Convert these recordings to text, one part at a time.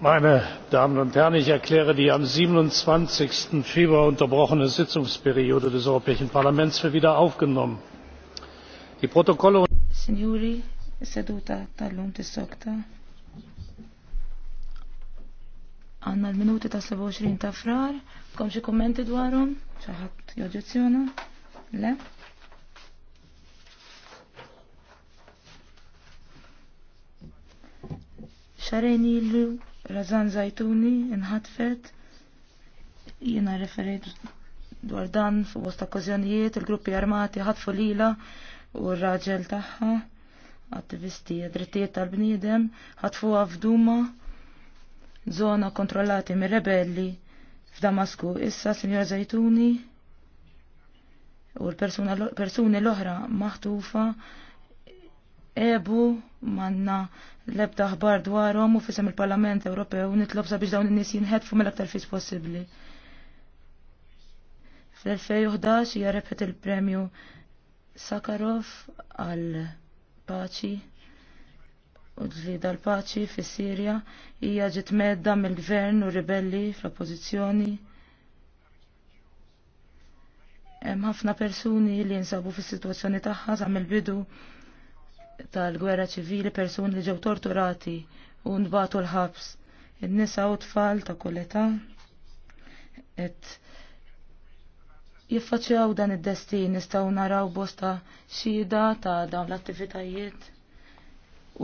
meine damen und herren! ich erkläre die am. siebenundzwanzig februar unterbrochene sitzungsperiode des europäischen parlaments für wieder aufgenommen. die protokolle und Għanna l-minuti ta' 27 ta' frar, kom Razan Zajtuni inħatfet jiena referejt dwar dan fuq bosta okkażjonijiet il-gruppi armati ħatfu lila u r-raġel tagħha attivisti e drittijiet tal-bniedem ħatfuha f'Duma żona kontrollati mir-rebelli f'Damasku. Issa Sinjor Zajtuni u l-persuni l-oħra maħtufa ebu manna lebda ħbar dwarhom u fisem il-Parlament Ewropew nitlob sabiex dawn in-nies jinħedfu mill-aktar fis possibbli. Fl-2011 hija rebħet il-premju Sakharov għal paċi u ġlida l-paċi fis sirja hija ġiet medda mill-gvern u ribelli fl-oppożizzjoni. Hemm ħafna persuni li jinsabu fis-sitwazzjoni tagħha sa mill-bidu tal-gwerra ċivili persuni li ġew torturati u nbatu l-ħabs. Id-nisa u tfal ta' età qed jiffaċċjaw dan id-destin nistgħu naraw bosta xhieda ta' dawn l-attivitajiet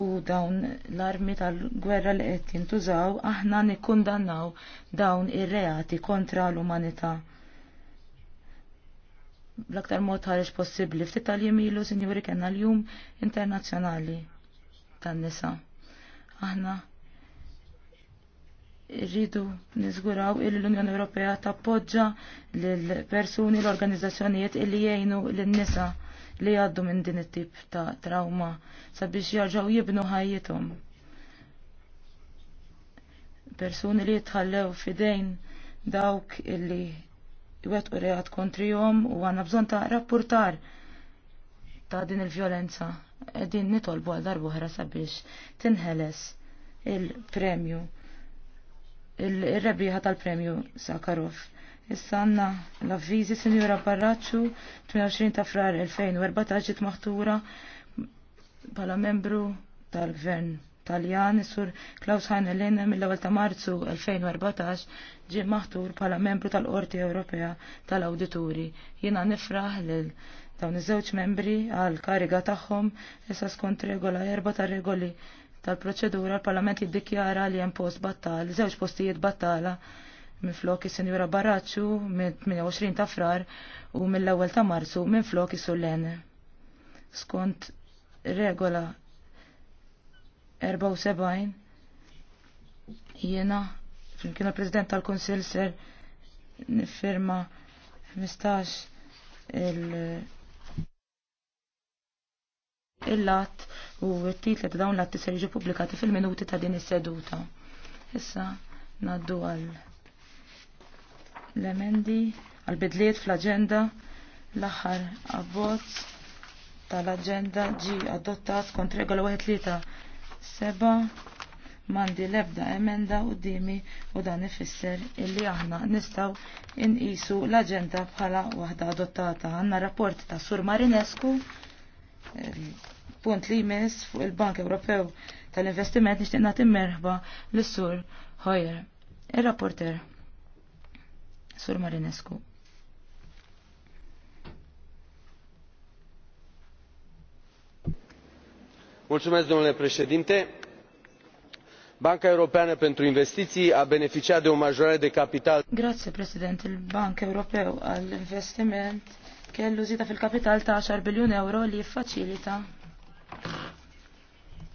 u dawn l-armi tal-gwerra li qed jintużaw aħna nikkundannaw dawn ir-reati kontra l-umanità l-aktar mod ħareġ possibbli ftit tal-jiem ilu sinjuri kellna l-jum internazzjonali tan-nisa. Aħna rridu niżguraw illi l-Unjoni Ewropea tappoġġa lill-persuni l-organizzazzjonijiet illi jgħinu lin-nisa li għaddu minn din it-tip ta' trauma sabiex jarġaw jibnu ħajjithom. Persuni li jitħallew fidejn dawk illi jwet u reħat jom u għanna bżon ta' rapportar ta' din il-violenza. Din nitolbu għal darbuħra sabiex tinħeles il-premju, il-rebriħa tal-premju Sakarov. Issa għanna l-avvizi Sinjura Barraċu 28 ta' frar 2014 maħtura bħala membru tal-gvern Taljan, sur Klaus Heinelin mill-ewwel ta' Marzu 2014 ġie maħtur bħala membru tal-Qorti Ewropea tal-Awdituri. Jiena nifraħ lil dawn iż-żewġ membri għal kariga tagħhom issa skont regola erba ta' regoli tal-proċedura l-Parlament jiddikjara li hemm post battal, żewġ postijiet battala minn is-Sinjura Barraċċu minn 28 ta' frar u mill-ewwel ta' Marzu minn is-Sullene. Skont regola 74 jiena flimkien il-President tal-Kunsill ser nifirma 15 il- il-lat u t-titlet ta' dawn l-atti ser jiġu pubblikati fil-minuti ta' din is-seduta. Issa naddu għal l-emendi għal bidliet fl-agenda l-aħħar abbozz tal-agenda ġi adottat kont regola 1 seba mandi lebda emenda u dimi u dan ifisser illi aħna nistaw inqisu l-agenda bħala waħda adottata. Għanna rapport ta' Sur Marinescu, eh, punt li jmiss fuq il-Bank Ewropew tal-Investiment nixtieq nagħti merħba lis sur Hoyer, ir-rapporter Sur Marinescu. domnule președinte. Banca Europeană de Investiții a beneficiat de o majorare de capital. Grazie, Presidente. Il-Bank Ewropew għall-investiment kellu zita fil-kapital ta' 10 biljun euro li jiffaċilita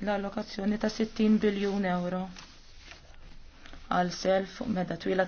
l-allokazzjoni ta' 60 biljun euro self twila